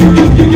Thank you.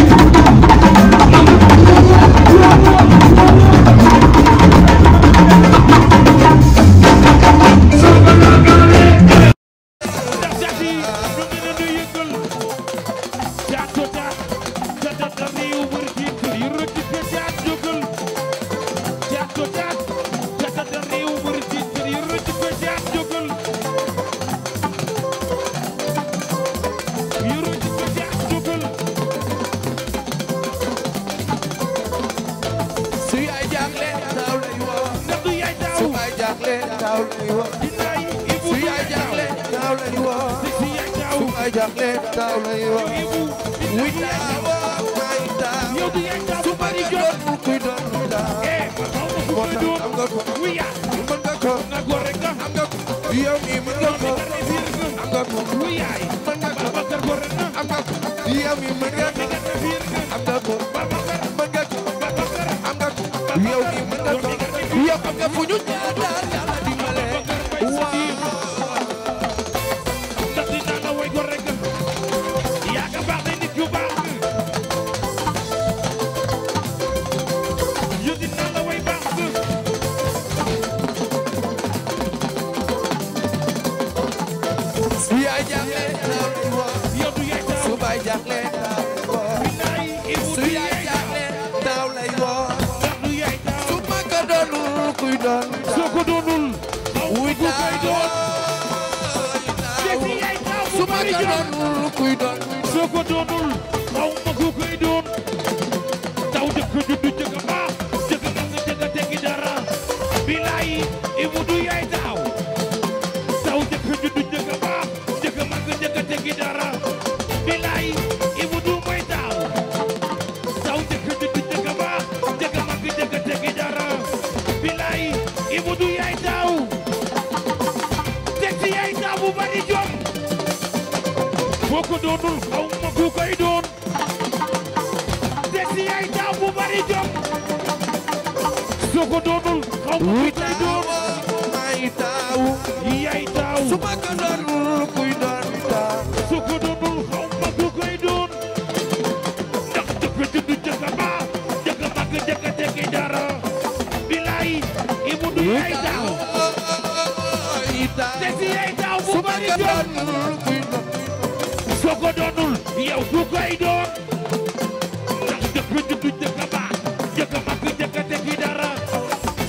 yow ku koy doon ndax jëkk juddu jëkk baax jëkk mag jëkk tekki dara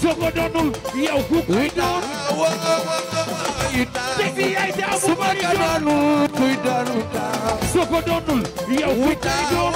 soo doonul yow ku koy doon te fi yaay jaamu bari doon soo ko doonul yow ku koy doon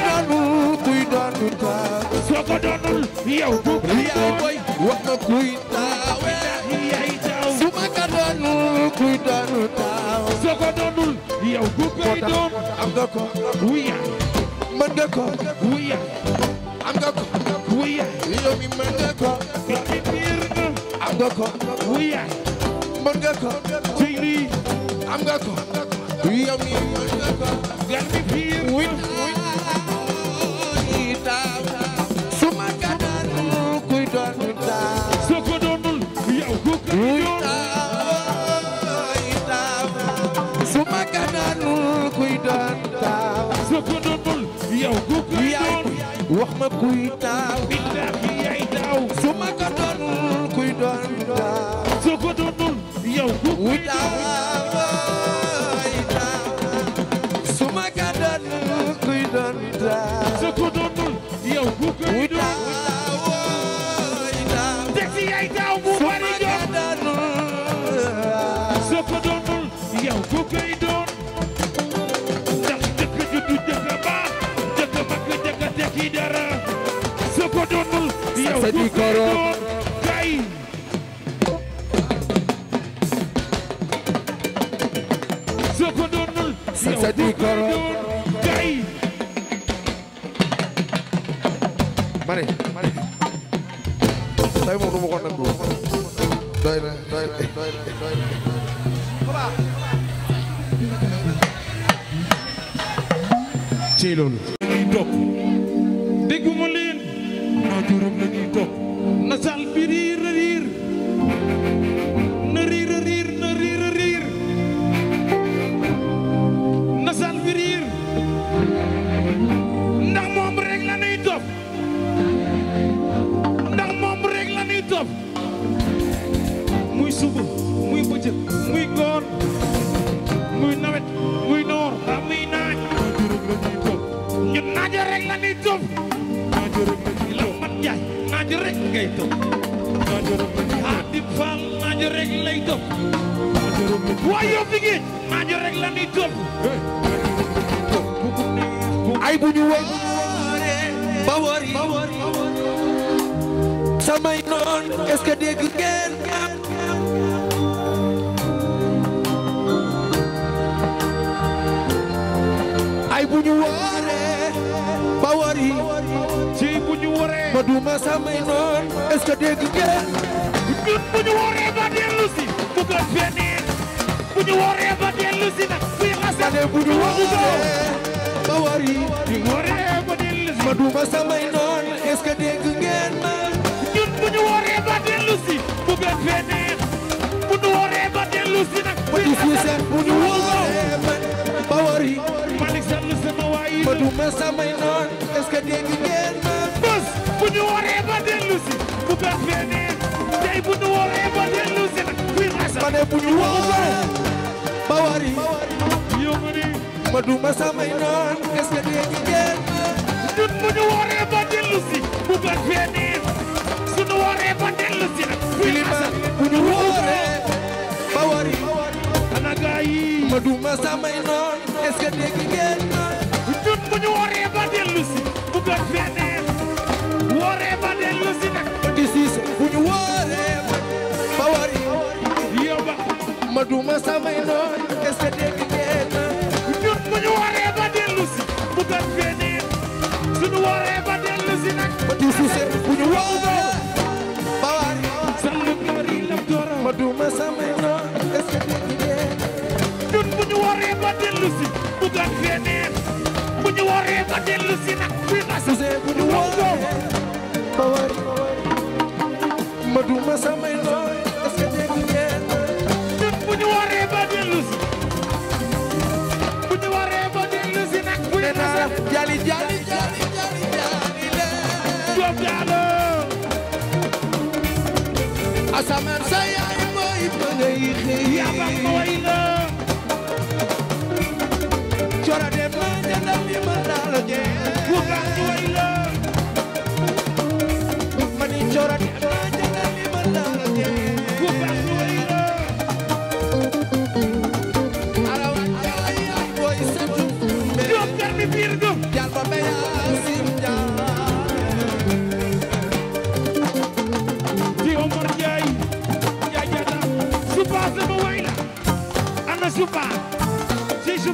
doonul kuy doonul taa soo ko doonul yow bu yow boy wax nga kuy taawe yaay taaw su ma ka doonul kuy doonul taaw soo ko doonul yow bu koy doon am nga ko wuya mën nga ko wuya am nga ko wuya yow mi mën nga ko ci biir nga am nga ko wuya mën nga ko ci lii am nga ko yow mi mën nga ko gan mi la ko doonul yow ku ko doon su ma ko doonul kuy doon su yow ku ko di Koro kay soko doonul sa di Koro ay bu ñu wóoree ba dellu si nag kuy maasa ma ne bu ñu wóoree ba wari yóbbu ma du ma samay naan est-ce que dégg ngeen ñun bu ñu wóoree ba dellu si bu gat fee neen suñu wóoree ba dellu si nag kuy maasa bu ñu wóoree ba wari ana gaa yi ma du ma samay naan est-ce que dégg ngeen ñun bu ñu wóoree ba dellu si bu gat fee neen ma duma samay nooy est-ce ñun bu ñu waree ba dellu si bu gën fee neen waree ba dellu si nag ba ma duma samay nooy est-ce ñun bu ñu waree ba dellu si bu gën fee ñu waree ba dellu si nag fii na suuse bu ñu wow doo ba waari ma duma samay nee na jali jali jali jali jali jali asamaan sa yaay mooy bëggay xëy yaa baax ma way la cora dem ma jëndal li ma daal jee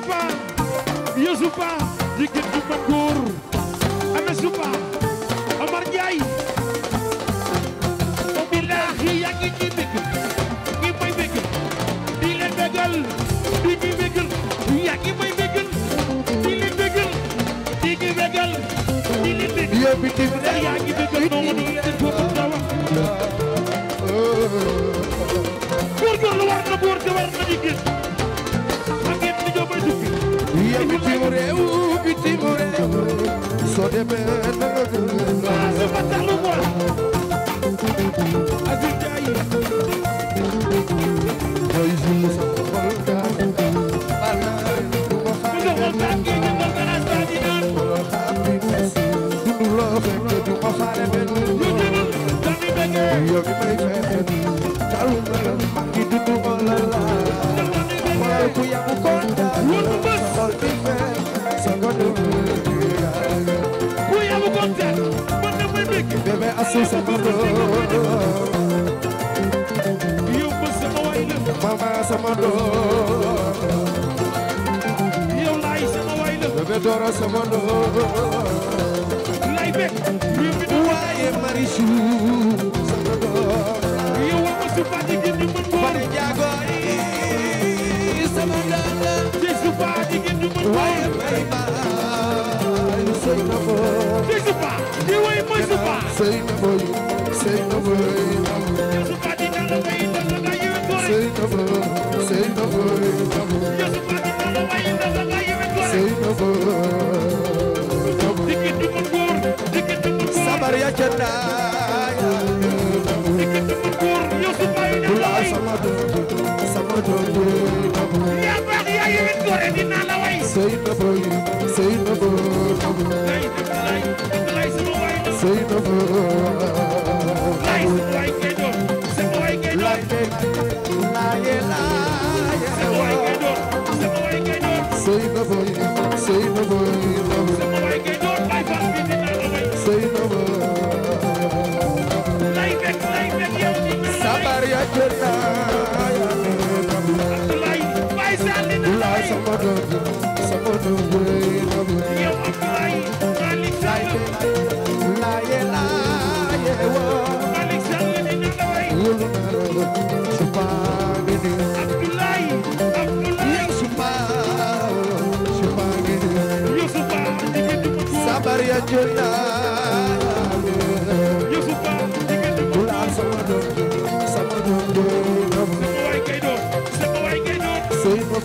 Yusufa Yusufa jigéen ju mën góor ana suba Omar Njaay billaahi yaa ngi ñi war na góor te war na réew bitim réew soo demee na nga déglu waa sama taxlu quoi Aziz Ndiaye asusa madoo yow ba mama sama doo yow laay sama waay sama doo lay bekk yow mi du waaye marisu sama doo yow wa ma sufa di gën ñu mën sëy na booy. di Supa di woy mooy Supa. sëy na booy sëy na booy. Supa di dara way dara la yéwén doole. sëy na booy sëy na booy. Supa di dara way dara la yéwén doole. sëy na booy. dikki dugub góor dikki dugub góor. sabar ya ca daaya. sama doom sama doom yaa baax yaa yewet gore dinaa la way sey na boy sey na boy sey na boy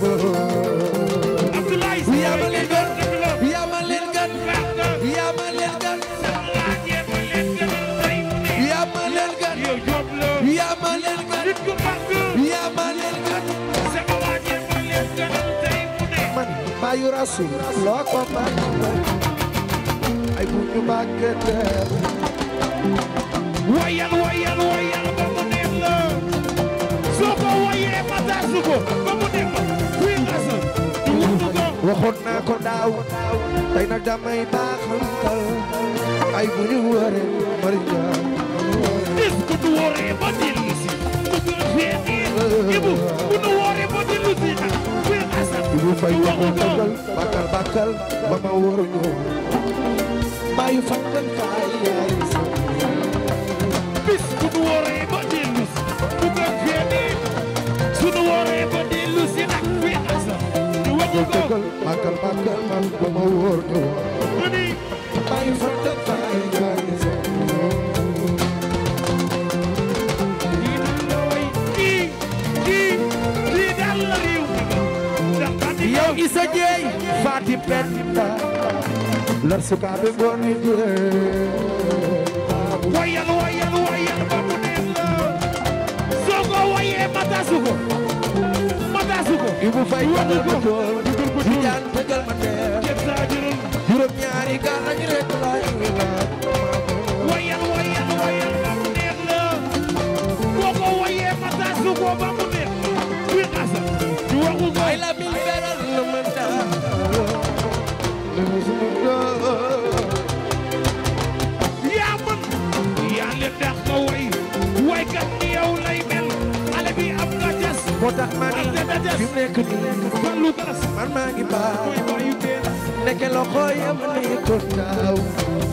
Oh, Bayu Rasul loko banget ay buñu banget wayal wayal wayal ba mu neex la soo ko wayee ma taasu ko ba mu neex la kuy ngasa du wutu ko waxoon naa ko daaw tey nag damay baaxal ay buñu waree mari jaa is ko du waree ba dina ibu bunu woore bo dellu si na seen asan ibu fay waxu dëggal bakkal bakkal ba ma wóor ñoo bàyyi fakkan faay bis bunu woore bo dellu si bu ko feeni sunu woore bo dellu si nag seen asan man ba ma wóor ñoo bàyyi fakkan Idrissa Dieye Fati Penda lar sukaaɓe goni dure wayan wayan wayan babu nenno sogo waye mata sugo mata sugo ibu fay waɗugo ɗiɗirgo tijan tegal mate juróom ñaari galañ rek layo moo tax maa ngi fi mu nekk nii man maa ngi baax nekk loxo yam ni ko taaw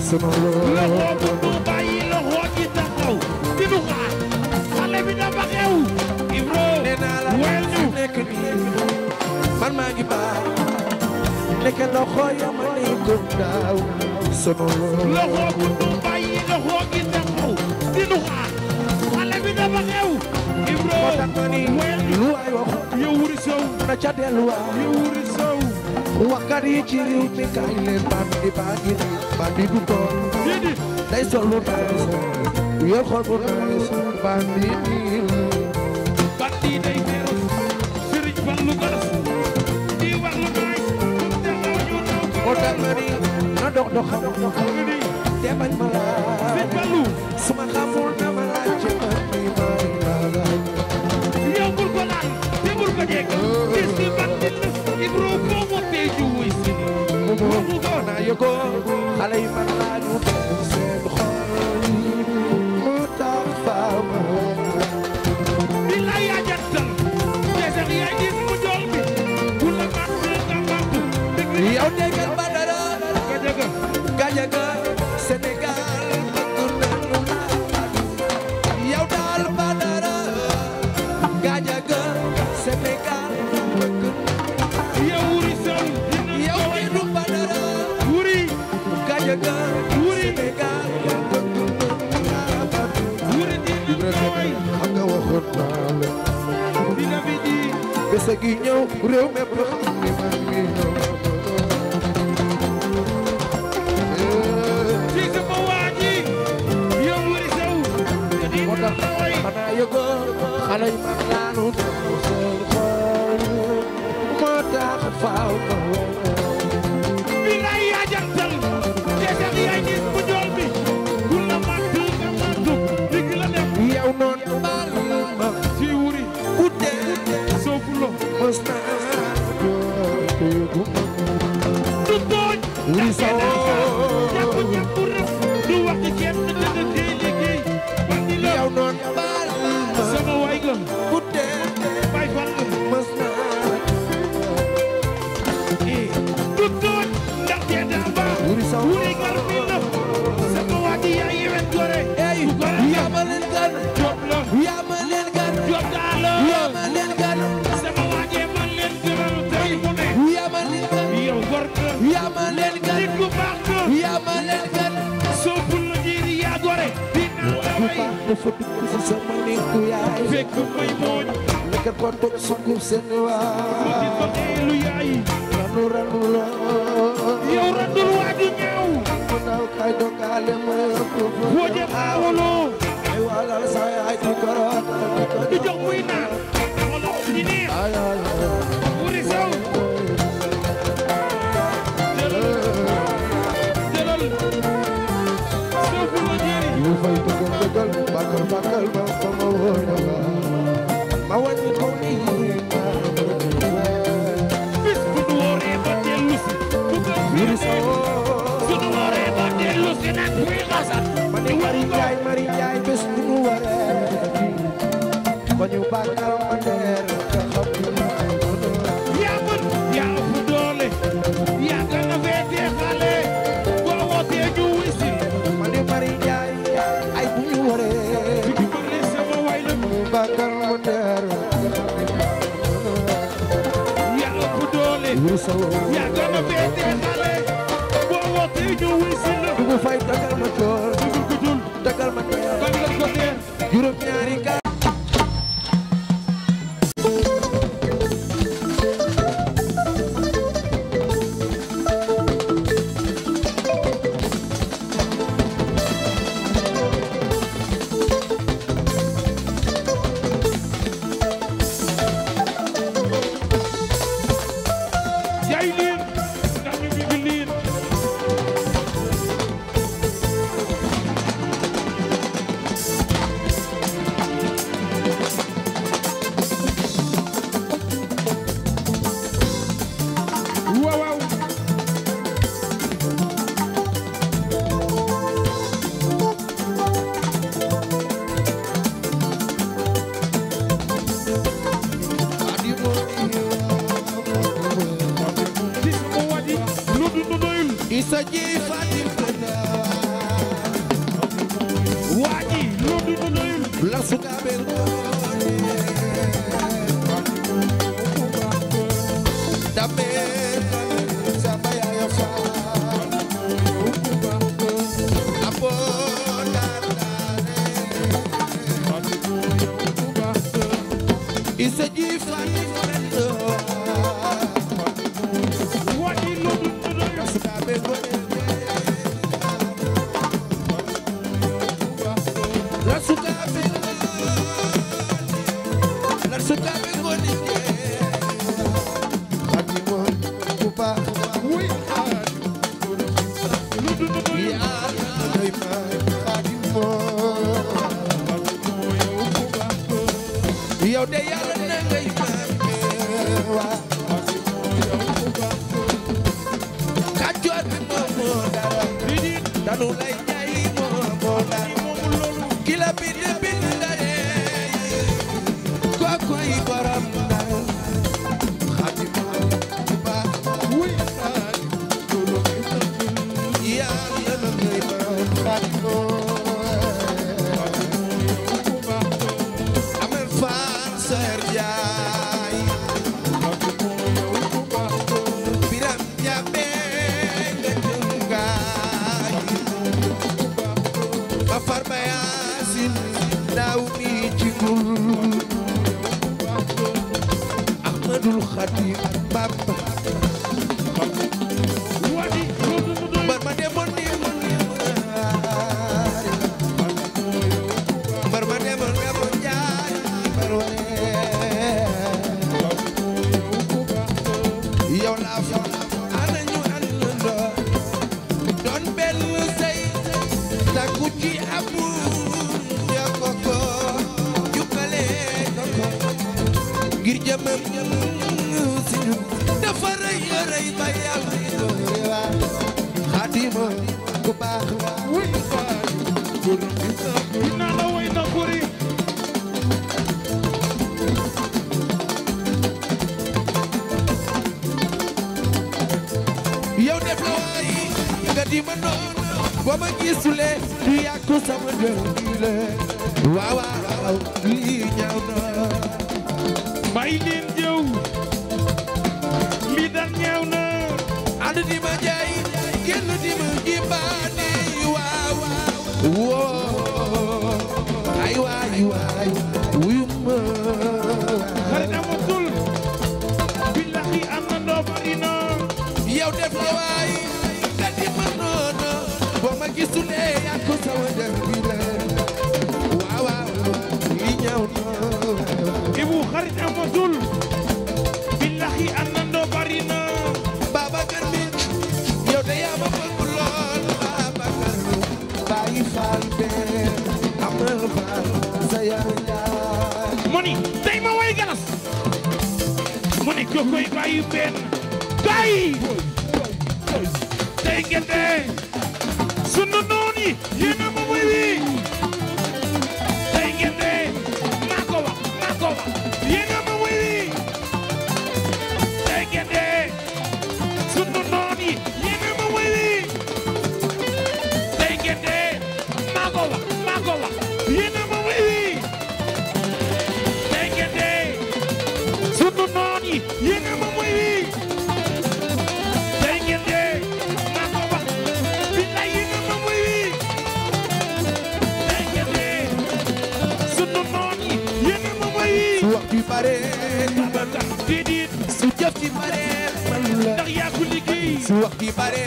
sama loxo bu du bàyyi loxo ji taxaw di du xaar xale bi dafa xew Ibro nee naa la fi mu nekk nii man maa ngi baax nekk loxo yamani gundaaw sunu loxo gundu bàyyi loxo gi taxaw di nu xaar xale bi dafa xew ibro lu ay wax yow wuri sow na ca delluwaa yow wuri sow wakkat yi ci réew mi kaay leen bandi bandi bandi du toog day sol lu naay sol yor xol bu naay sol bandi bandi day moo tax ma ni na dox doxam doxam ni te bañ ma laaj sëñ Fallou su ma xamul na ma laaj ci man mi may laaj yow bul ko laal te bul ko jekk des di man di lëf Ibro boo montee ju wuy si mu mu ko naa yëgoo xale yi man laaj sa gi ñëw réew mépp xam ni man ngi ñëw ci sama waa ji yow wuri sew moo tax xanaa yëgoo xale yi ma laanu moo tax faaw Sow nit ku yaay fekk may muñ nekk ko toog sukkur seen waay lu yaay ranu ranu la yow randul waa di ñëw mu naw kay dogaale ma ko boo jëm awlo ay walal sa yaay di korot di jox muy naan wala di neex juróom ñaari yow de ati bàyyi faal bee amal faal sa yaay yaay mu ni tey ma way galas mu ni jokoy bàyyi benn tay tey ngeen dee sunu noon yi yéen a ma way wi tey ngeen dee maa ko wax maa ko wax yéen a ma way wi tey ngeen dee sunu noon su wax gi bare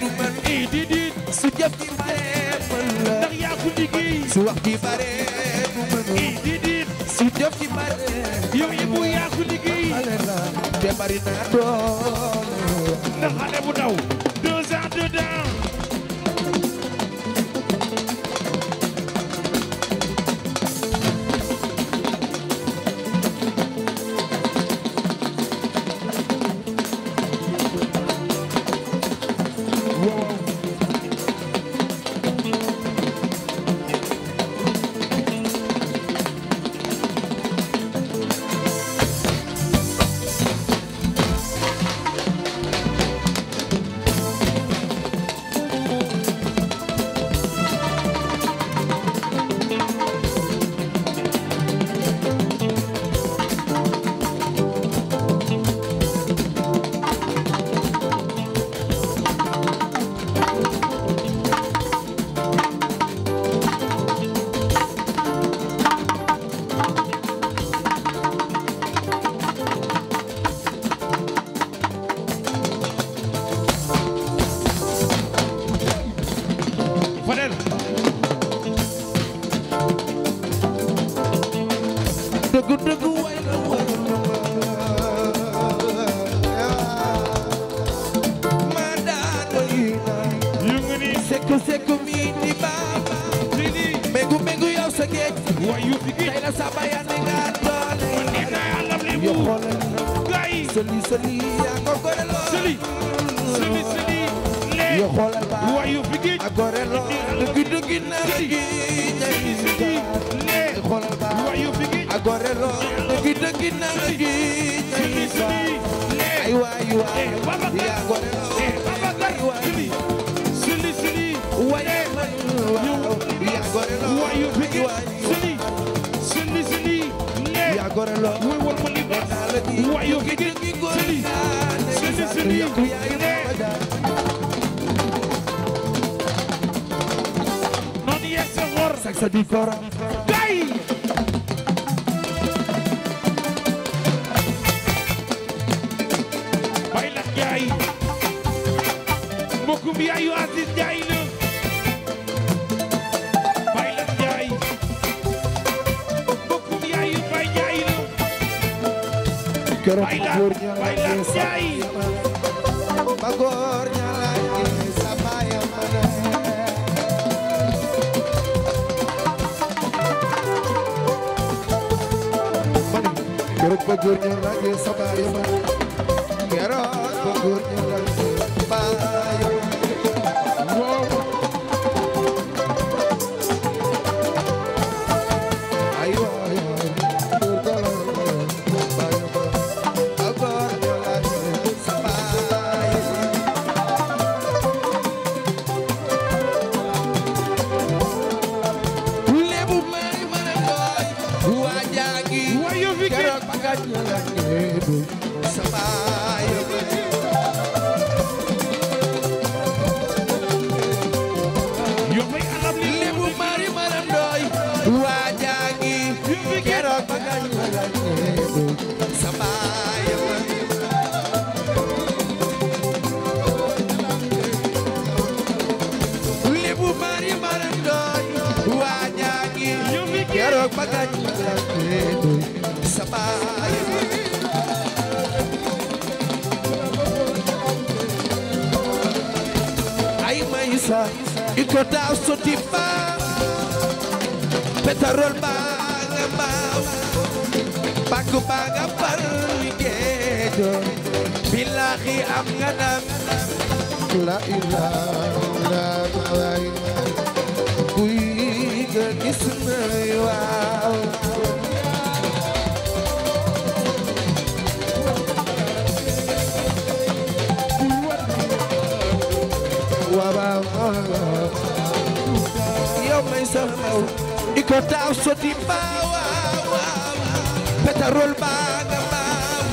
du mën i di di su jëf gi bare mën la ndax yaa ko liggéey su wax gi bare du mën i di di su jëf gi bare yow yëpp yaa ko liggéey te bari naa doon raw sa géej wayu bigi tey la samba yaa ne nga doole yo xoolal gay sëli sëli yaa ko goreloo sëli sëli sëli yo xoolal ba wayu bigi a goreloo dugi dugi na bigi sëli sëli yo xoolal ba wayu bigi a goreloo dugi dugi na bigi sëli sëli ay waay waay yaa goreloo ay waay you begin Cindy Cindy Cindy ne we will believe us what you begin Cindy Cindy Cindy ne non yes ngor saksa di kora day bay la jaay mbokum yaay keroog góor ñaareel sax ba góor ñaareel sax ba ya mën a. keroog ba góor ñaareel sax sarol baaga baaw bakk baaga bar geejo billahi am nga ndam la ilaha illallah kuy ga gis na totaaw soti mbaawa pétrole baa nga mbaaw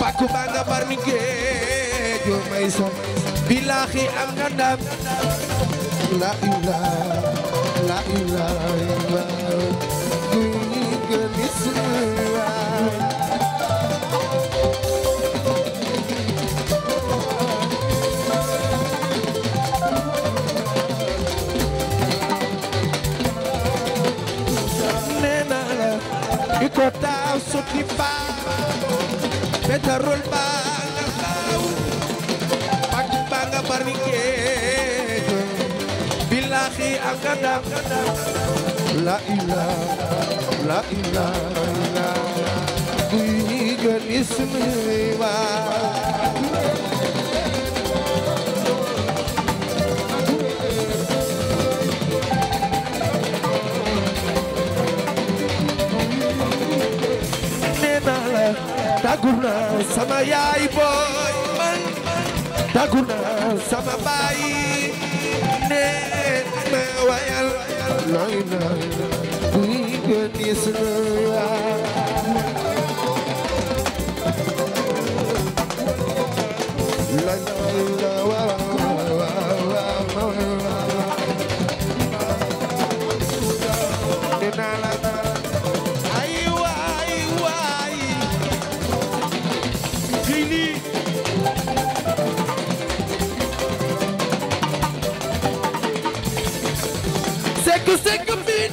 pàkku baa nga bar ni géejo may son bilaahi am nga ndam la ilaaha iko taw sukli ba petrol ba nga taw pak ba nga barike billahi akada la ilaha la ilaha illa tàggu naa sama yaay booy man tàggu naa sama baay nee ma wayal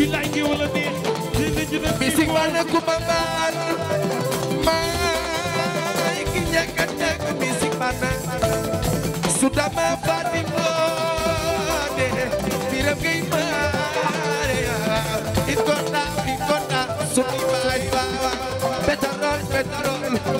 billaay gi wala neex dina ñu ne bisik ma ne ku ma baal maay ki ñàkk a ñàkk bisik ma ne su dama baatim loo de biram ngay maare i kontaan i kontaan su ni baay baawa pétrole pétrole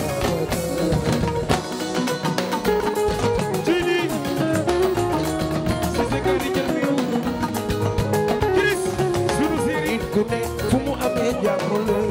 ku ne fu mu amee jàmm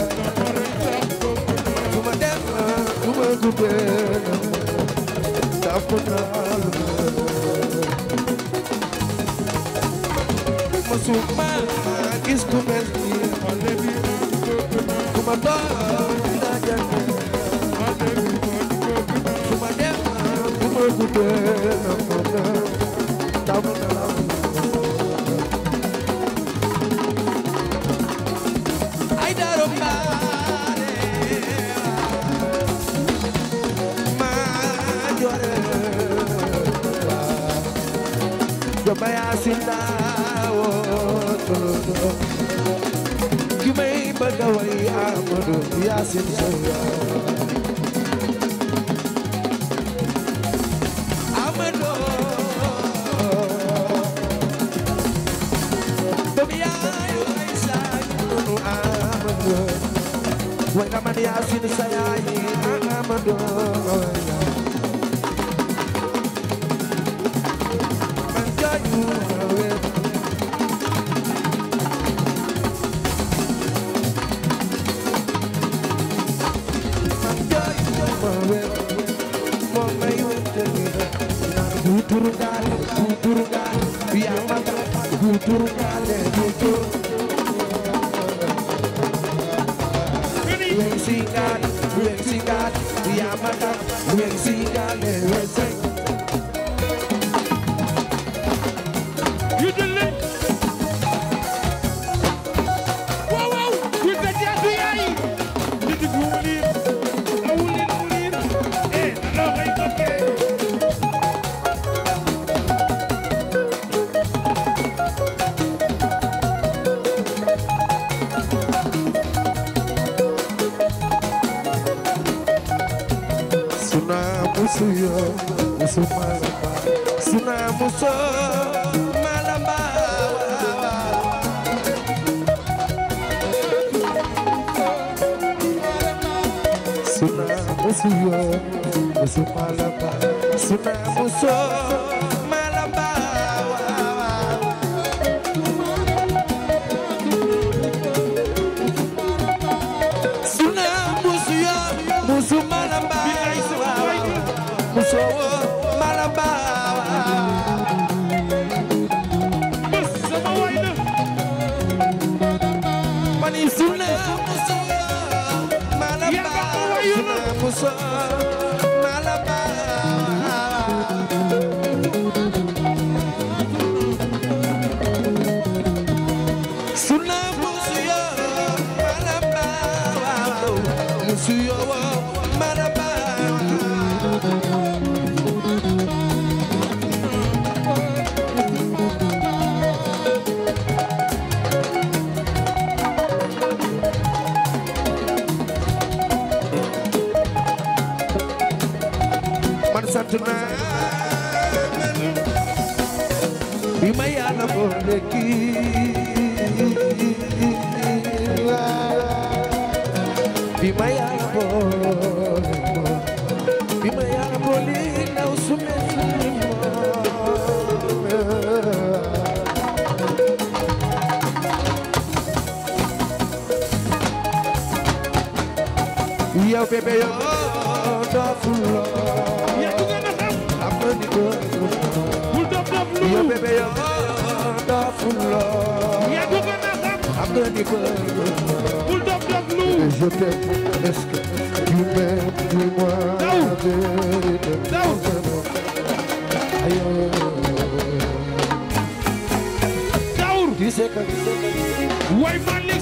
good. sina woo tolotoo ki may bëgga way Amadu Yaasin Sow Amadu doom yaayu ay saayunu Amadu way na man Yaasin sa yaayi Amadu tur suna musu yo musu malaba suna musu sa bébé yo dofu lo ya tu gana sam amani do bul dof dof lu yo bébé yo dofu lo ya tu gana sam amani do bul dof dof lu je t'aime est-ce que tu m'aimes dis-moi la vérité Daour Tu sais que Way Malik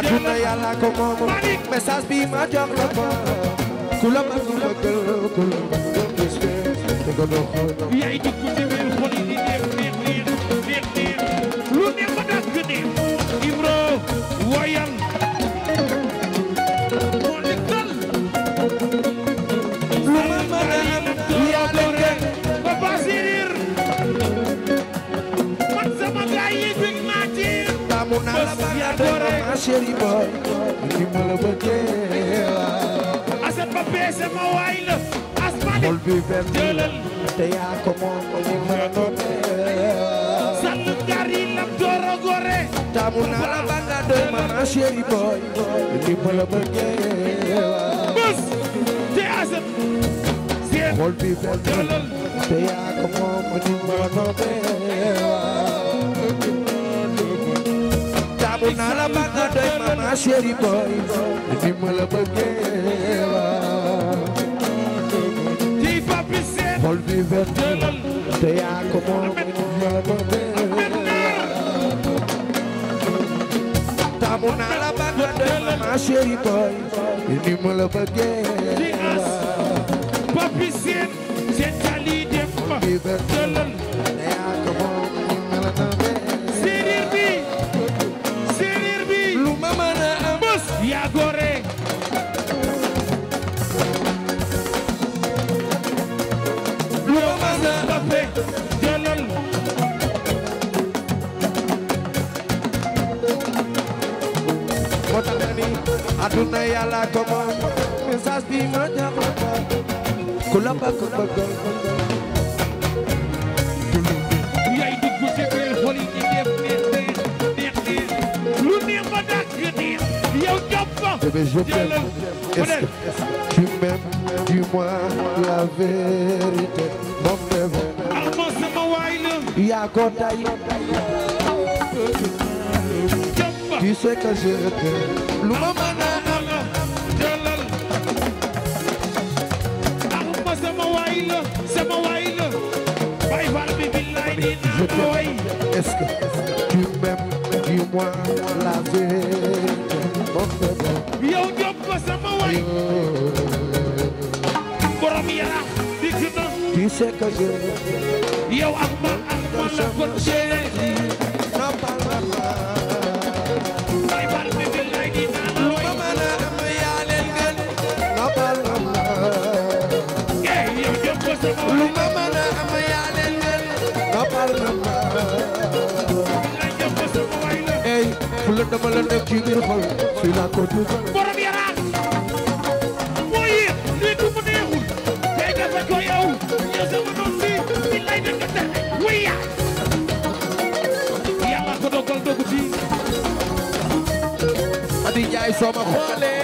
àdduna yàlla ko moom message bi ma jox la ko ku la bëgg bëggal ku la bëgg gis nga chéri boy ni ma la bëggee asa papé sama waay la asmani xol bi benn jëlal te yaa ko moom ni ma la noonee sàll gari lam dooro gore taamu naa la banga doy mama chéri boy ni ma la bëggee bus te asa xol bi benn jëlal te yaa ko moom ni ma la noonee bu naa la bëgg doy mama chérie boy ni ma la bëggee waa di papi seen xol bi vert te yaa ko moom ma la bëggee ta bu naa la bëgg doy mama chérie boy ni ma la bëggee di as papi seen seen tali dem fa aduna yàlla ko moom message bi ma jox la ko ku la bëgg bëgg yaay dugg ci biir xol yi ñu def neex neex neex lu neex ba dàq neex yow jàpp fa jëlal est-ce que tu m'aimes dis-moi la vérité moom même alma sama waay la yaa ko tay Tu sais que je t'aime. Lu ma mën je t'aime Est-ce que tu m'aimes Dis-moi la vérité Mon bébé Yow Diop ko sama waay Borom Yarax dikk na Tu sais que je Yow ak man ak la ko la dama ci biir xol fii laa ko dugal borom yaraan boo yéex lii du mu neexul tey dafa ko yow ña sama doon fii lay nga tax wuy yaa yàlla ko dogal dogu ci adi jaay soo ma xoolee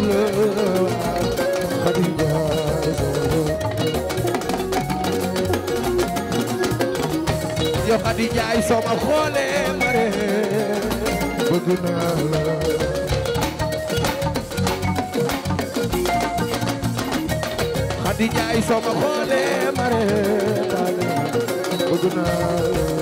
yo Xadi Njaay soo ma xoolee ma bëgg naa la Xadi Njaay soo xoolee ma ree bëgg naa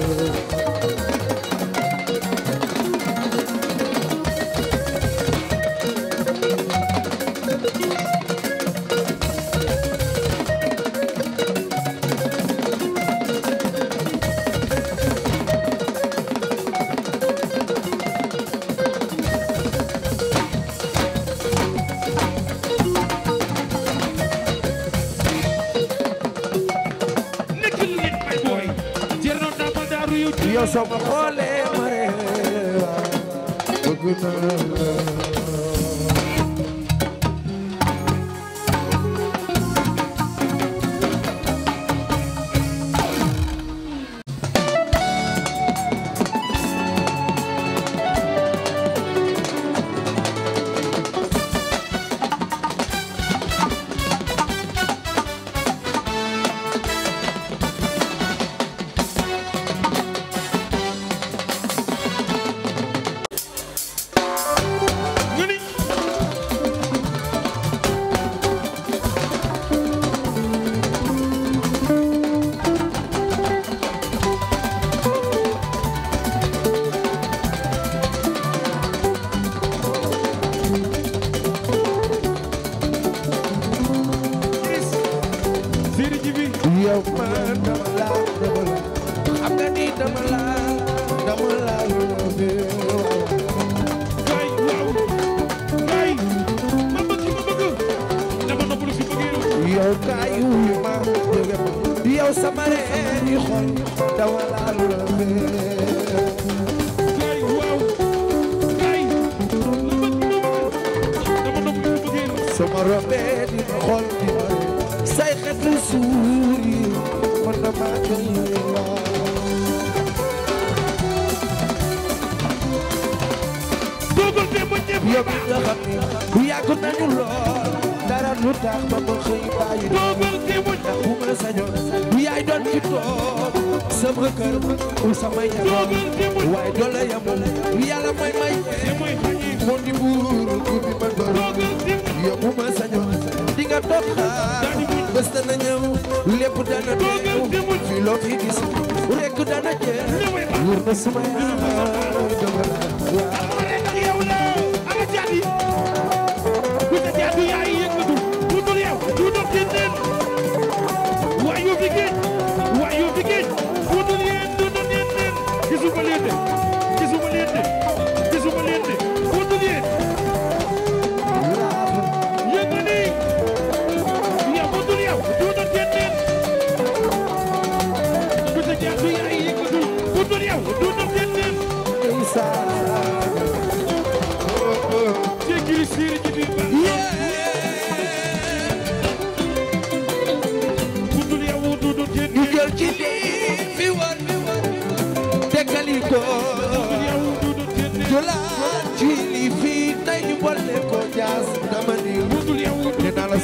yow soo ma xoolee ma reer bëgg naa la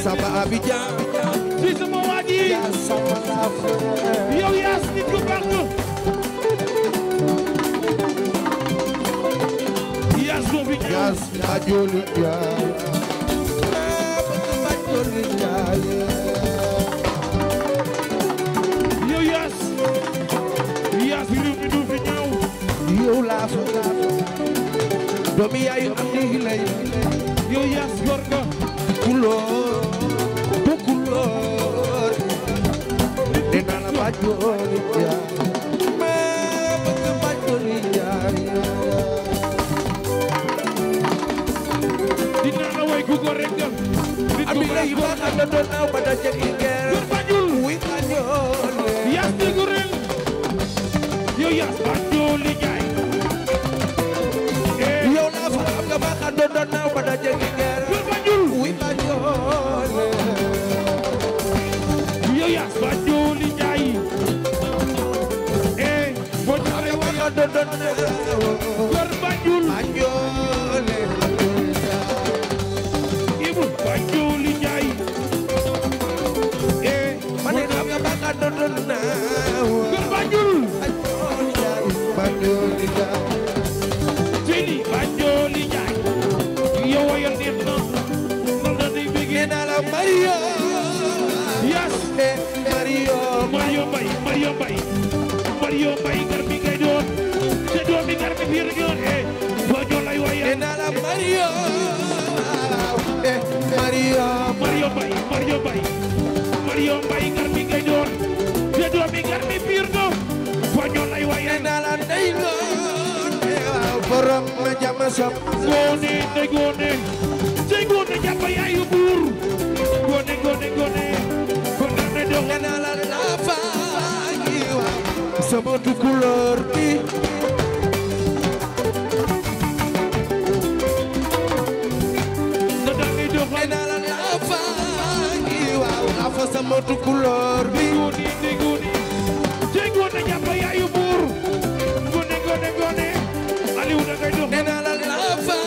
sama Abidjan di sama waji yow yaas nit ku baax yaas do bi yaas la jolu ya ba jolu ya yow yaas yaas lu bi du fi ñëw yow la so doomi yaayu am ni lay yow yaas gor nga kuloo a lagi bakal nonton apa dan jadi doon Mario Mbaye Mario Mbaye garmi ngay doon te doomi garmi biir do poñoon ay waye dala day lo borom ma jama sop ngoone te ngoone te ngoone jàppa yaayu buur ngoone ngoone ngoone ngoone do ngana la la fa yi wa sama tukulóor tukulóor bi guni di guni ci gone jàpp yaayu buur gone gone gone Aliou da ngay dox nee naa la la fa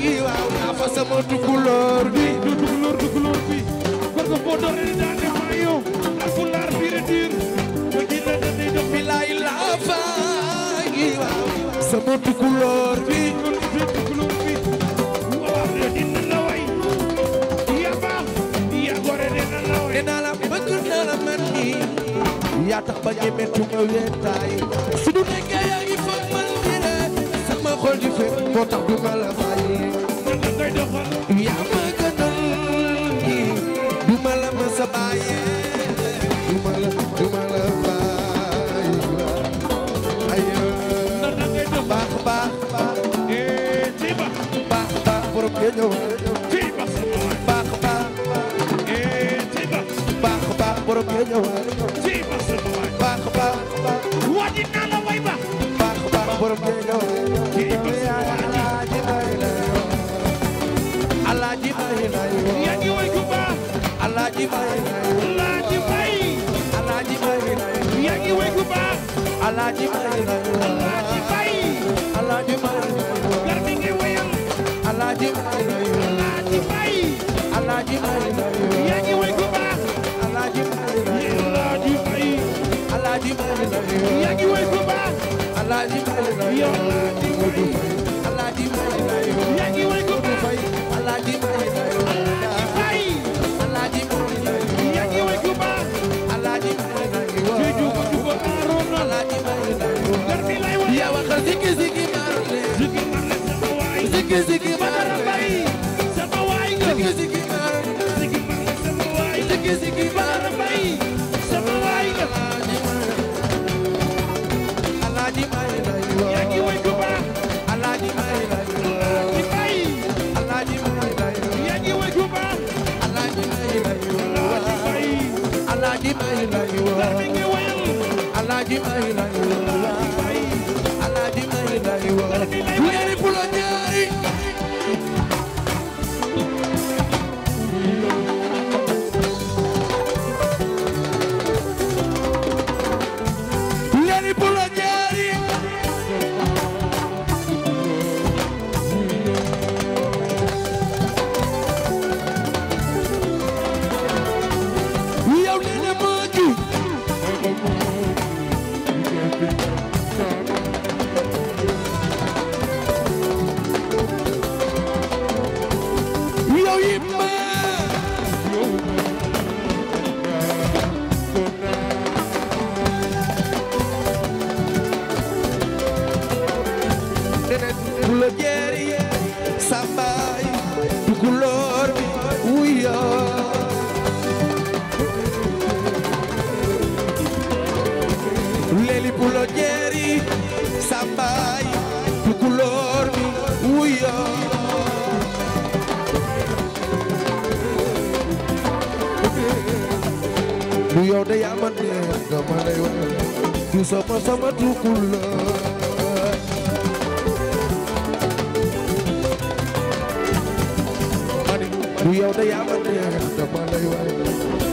yi waaw naa fa sama tukulóor bi du tukulóor tukulóor bi parce que boo dooree daal di maayo ak fulaar bi retir ko ci la da day dox bilaay la fa yi waaw sama tukulóor bi yaa tax ba ñemeetuma wéetaay su du nekkee yaa ngi foog man dire sama xol di fekk moo tax du ma la bàyyi yaa ma gënal ñi du ma la ma sa bàyyi du ma la du ma la bàyyi ayo baax baax baax baax baax borom ke ñëw baax baax baax baax borom ke ñëw Alaaji Mbaye Alaaji Mbaye Alaaji Mbaye gar mi ngi wéyal Alaaji Mbaye Alaaji Mbaye Alaaji Mbaye yaa ngi wéy ku baax Alaaji Mbaye Alaaji Mbaye Alaaji Mbaye yaa ngi wéy ku baax Alaaji Moodu Fay Alaaji Moodu Fay Alaaji Moodu Fay yaa ngi way ko Fay Alaaji Moodu Fay Alaaji Moodu Fay yaa ngi way ko ba Alaaji Moodu Fay ñu jugo jugo aaroon Alaaji Moodu Fay garbi lay way yaa waxal sikki sikki marle sikki marle sama waay sikki sikki marle sama waay sikki sikki marle sikki marle sama waay sikki sikki marle a May lay woo ma tukula mani du yow da yaa ma neex dama lay waay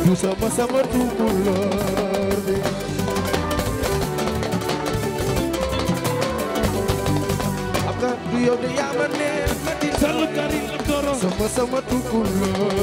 du sama sama tukula am na du yow da ma neex sama sama tukula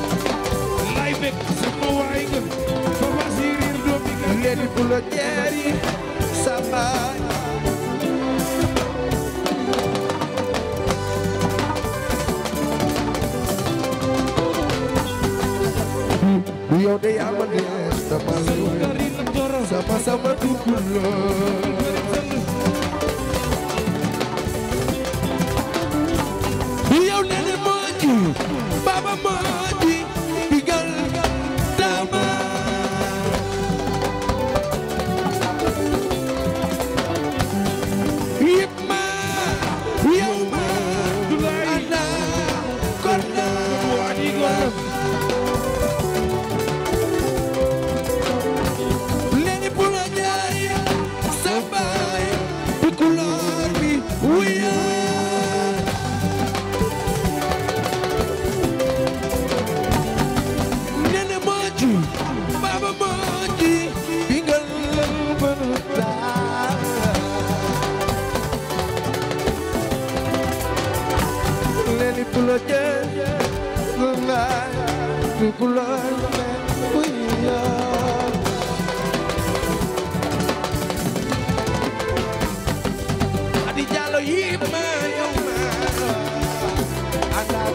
bég sama waay nga sama siirir doo bi nga leen bu la ñeeri sama yow de yaa ma neex sama sama sama dugg la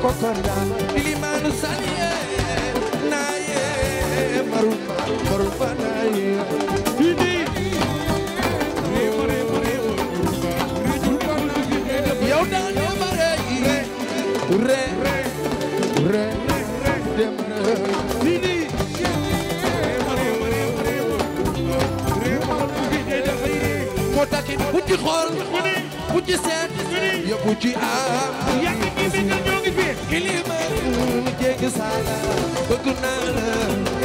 kokorda ilimanu saniye naye marupa marupa naye idi yow daal di bare re re re dem idi moo tax bu ci xool bu ci seet yóbbu ci am Kilimanjaro jéeg saala bëgg naa la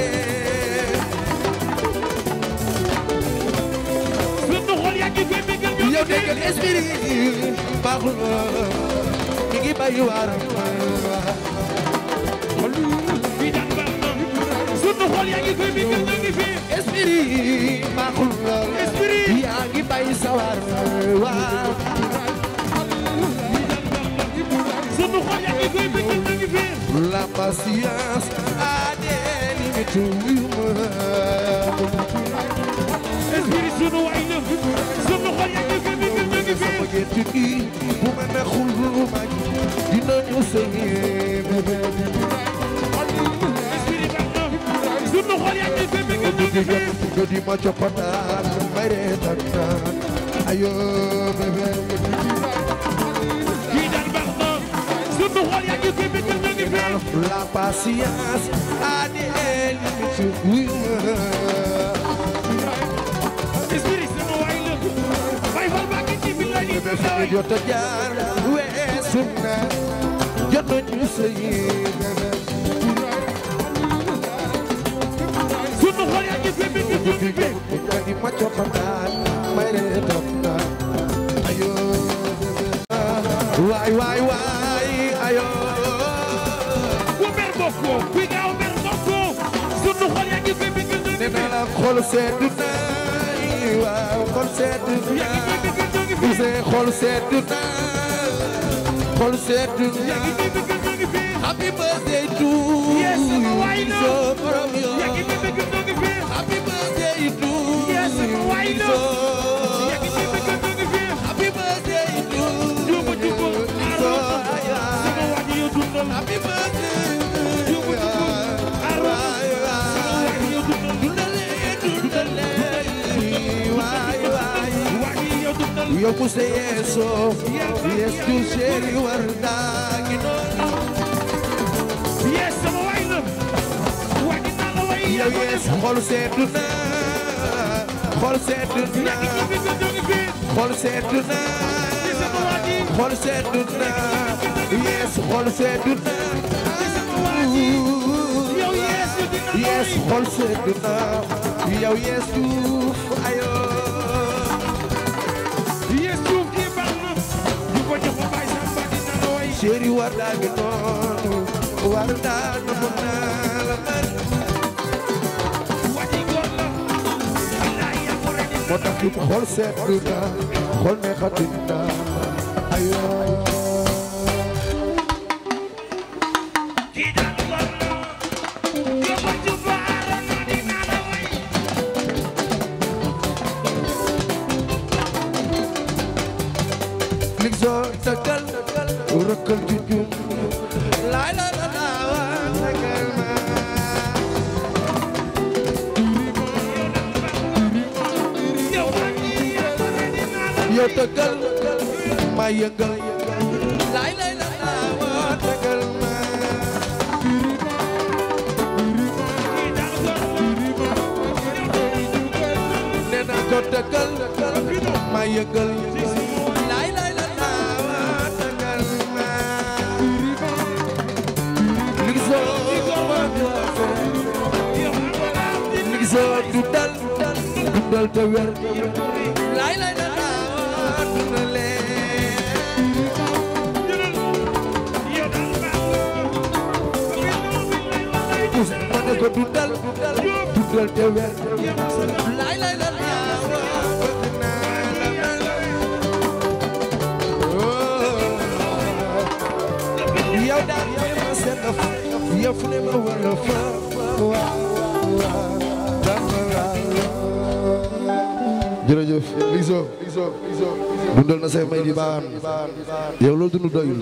eh. sunu xol yaa ngi koy bégal yow déggal esprit baaxul mi ngi bàyyi waaram xolu bi daan baax na sunu xol yaa ngi koy bégal ñu ngi fi esprit baaxul esprit yaa ngi bàyyi sawar waa La patience a des limites esprit sunu waay la sunu xol yaa ngi fi mi ngi ngi fi bu ma neexul lu ma dina ñu sëñee bébé esprit baax na sunu xol yaa ngi fi mi ngi ngi fi jodi ma copataan may reetaan ayoo bébé la patience a des limites oui ma esprit sama waay la bay fal ba ki ci billahi ni jot a jaar weesu na jot a ñu sëyi sunu xol yaa ngi fi bi ñu fi bi di ma copataan may re topp na ayo waay waay waay ko kuy gaaw mer moko sunu xol yaa ngi fi bi gi ne na la xol sedd na waaw xol sedd na ise xol sedd na xol sedd na happy birthday to yes sama waay la yaa ngi fi bi gi happy birthday to yes sama waay la yaa ngi fi يقصي يسوع يستشير ورداك يسوع وين وقتنا وين يسوع خل سيدنا خل سيدنا خل سيدنا خل سيدنا يسوع خل سيدنا يسوع خل سيدنا يا يسوع ايوه chéri war daa ngi war daa na mu la man waji góor la moo tax xool seet du naa xool neexatuñ naa ayoo dal dal dal te wér lay lay la ko dundal dundal te wér lay lay lay yow daal yow ma seet la fa yow fu ne ma wër la fa waaw waaw jërëjëf Lizo dundal na say may di baan yow loolu dund doyul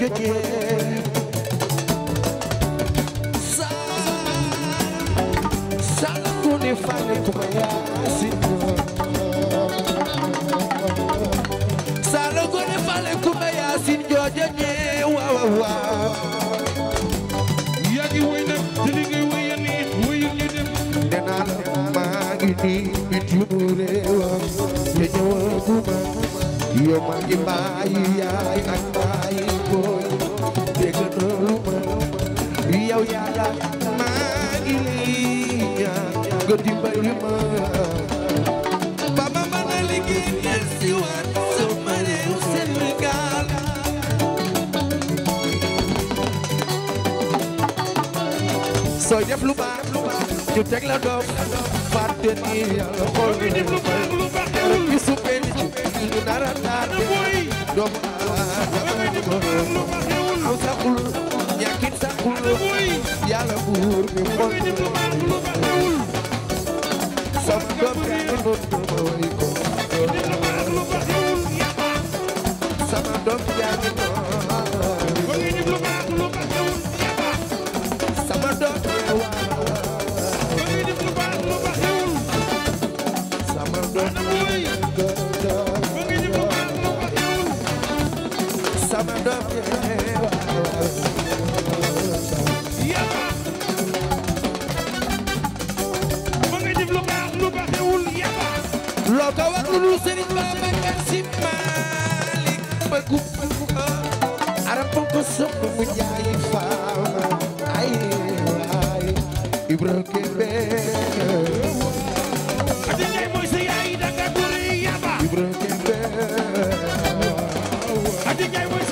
jojee sooy def lu baax ñu teg la doom fàtte ni yàlla xool nga def lu baax lu baax teewul bisu benn ci ñu nara taar doomu aadama am saxul ñàkkit saxul yàlla buur mi tawakulu Serigne Babacar Sy Malick bëggu arab ba ko sopp mu jaay faal ay waay Ibra Kebe ati ngay mooy sa yaay danga guri yaba Ibra Kebe ati ngay mooy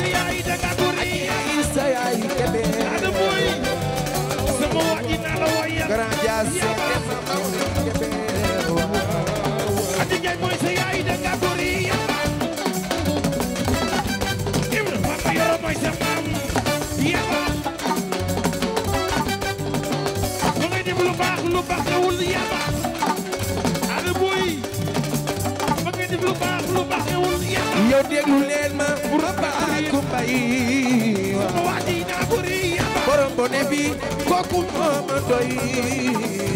borom bone bi kooku moo ma doy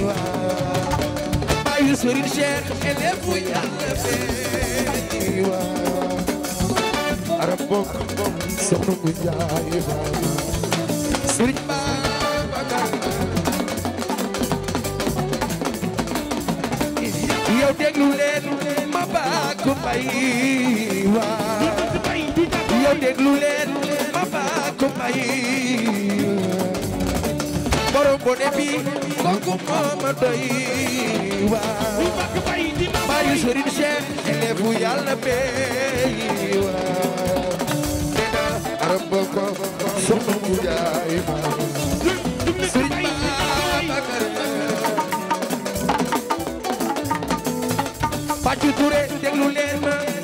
waa Sëriñ Sëriñ Cheikh elefu Yàlla be Rabbok soxna mu jaay Sëriñ Babacar yow déglu leen ma bàkk mbay waa yow leen ma bàkk mbay borom bone bi kooku moom ma leen ma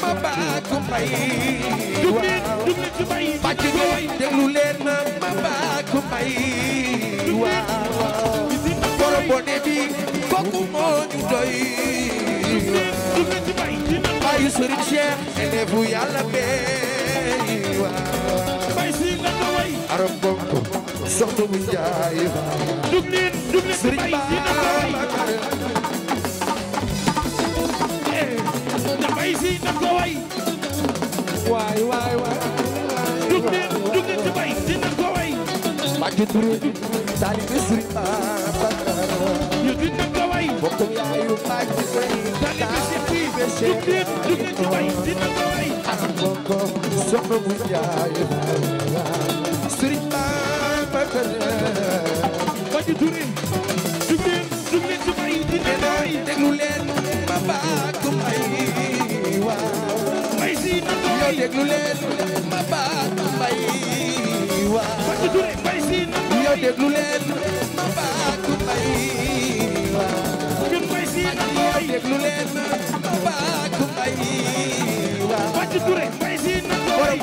ma baaku mbay déglu leen ma Maba ko may waaw boro bone bi kooku ko way waaw dug na bay si na ko jóge ci bay dina ko way Mbàkke Turé taalibe Sëriñ Babacar ñu dina ko way bokkum yaayu Mbàkke Turé taalibe Sëriñ Babacar jóge ci bay dina ko way am bokko soxna bu jaay Sëriñ Babacar Mbàkke Turé jóge ci bay dina ko way déglu leen déglu leen ma baat mbay waa yow déglu leen ma baat mbay waa yow déglu leen ma baat mbay waa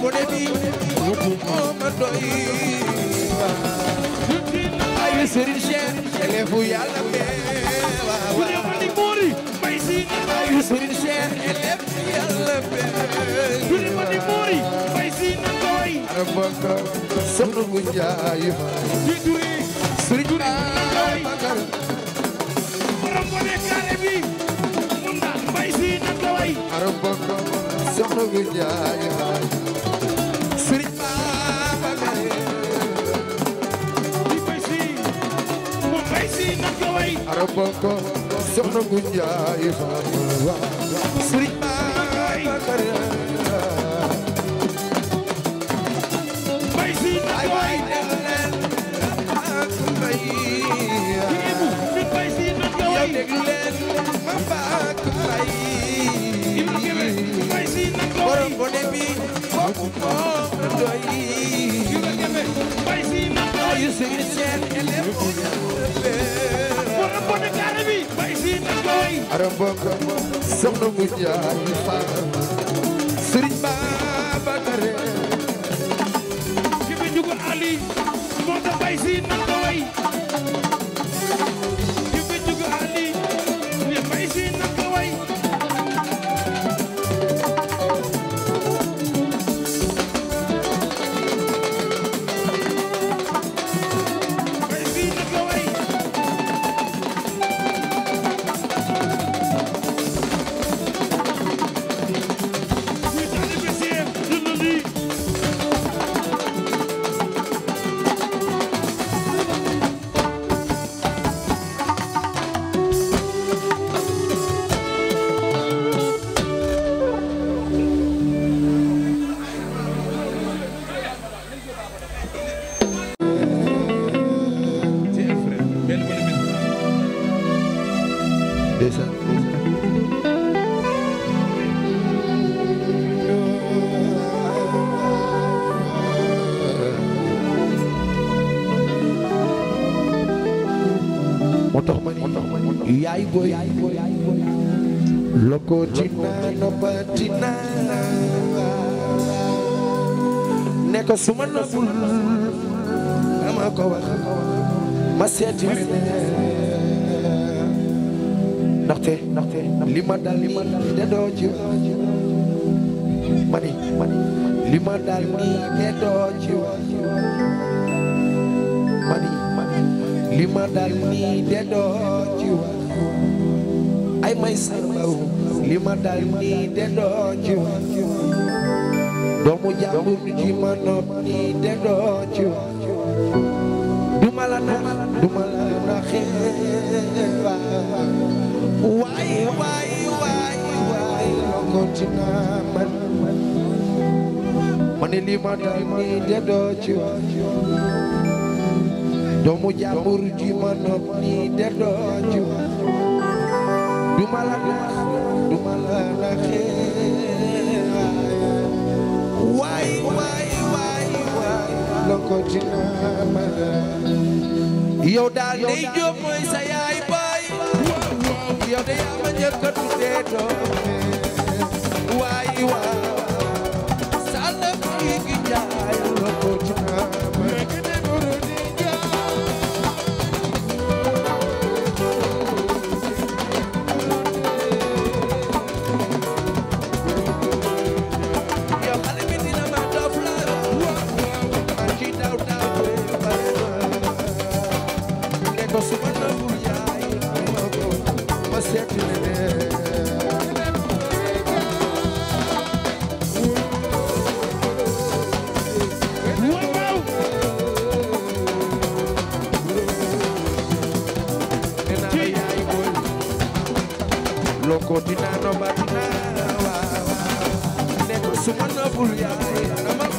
borom bu ne bi moo ma doy waa ay Serigne Cheikh élève yàlla bee sëriñ Cheikh élève bi yàlla benn du ni ma di muuri bay si na ngooy arabaka soxna bu njaay di duri sëriñ duri na ngooy borom bo ne kaale bi mun na bay si na ngooy arabaka soxna bu njaay sëriñ Babacar di bay si mo bay si na ngooy arabaka soxna bu njaay faama sëriñ baay bakara bay si ay way del leen ak bay ibu nit bay si nit nga way déglu leen ma baak bay ibu kebe bay si nit nga way borom bo ne bi kooku moom doy ibu kebe bay si nit nga way yu sëriñ seen élève arambongo soxna mu njaay faama sëriñ Babakar ki bi jugul ali moo tax bay si nandoo boy lokotina nobatina ne ko suma noppul dama ko wax ma seeti ndaxte ndaxte li ma dal li ma dal te doo ci mani mani li ma dal te doo ci mani mani li ma dal nii te doo yaay may li ma dal nii de doo doomu jàmbur du ma nopp nii de doo ci wax la nax duma la naxee waay waay waay man ma li ma dal nii de doo doomu jàmbur du ma nopp nii de doo duma la nax duma la naxee waay waay waay waay loko dina ma yow daal sa yaay baay yow de yaa ma njëkk a tuddee doom waay waay sa la fi gi jaay loko dina ma ko dina no ba dina waaw waaw ne ko suma nobul yaay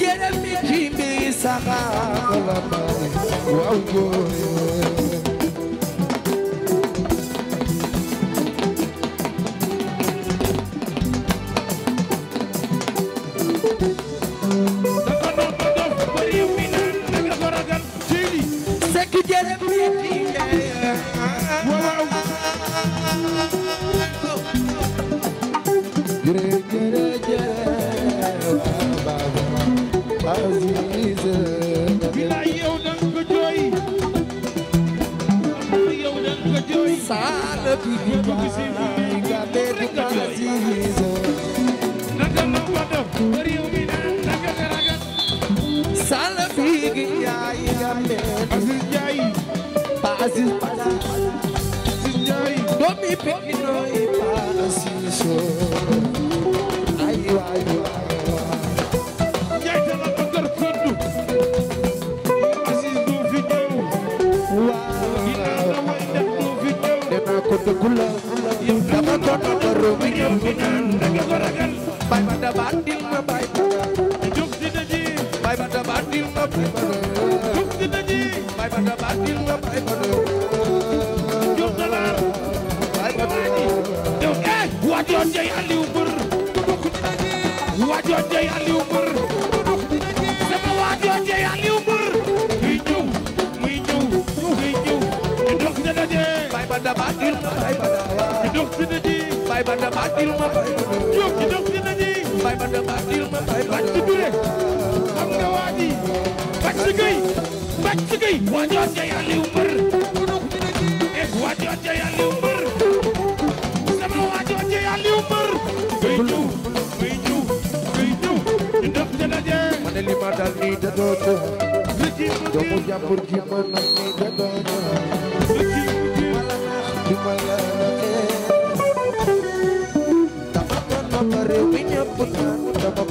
jërëm mi ci mbiri saxaaba la waaw góor Aliou Bër waajoo jëy Aliou bay ba dama atil ma jóg ci dox ci nañi bay ba dama atil ma bàcc dure xam nga waa ji bàcc gay bàcc gay waa joon ja yàlli mbër eh waa joon ja yàlli mbër sama waa joon ja yàlli mbër gay ñëw gay ñëw gay ñëw ñu dox ci nañe ma ne li ma dal nii da doo do doomu jàmbur ji ma nag nii da doo do di ma la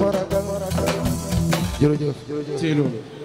ko ragal jërëjëf jërëjëf ci loolu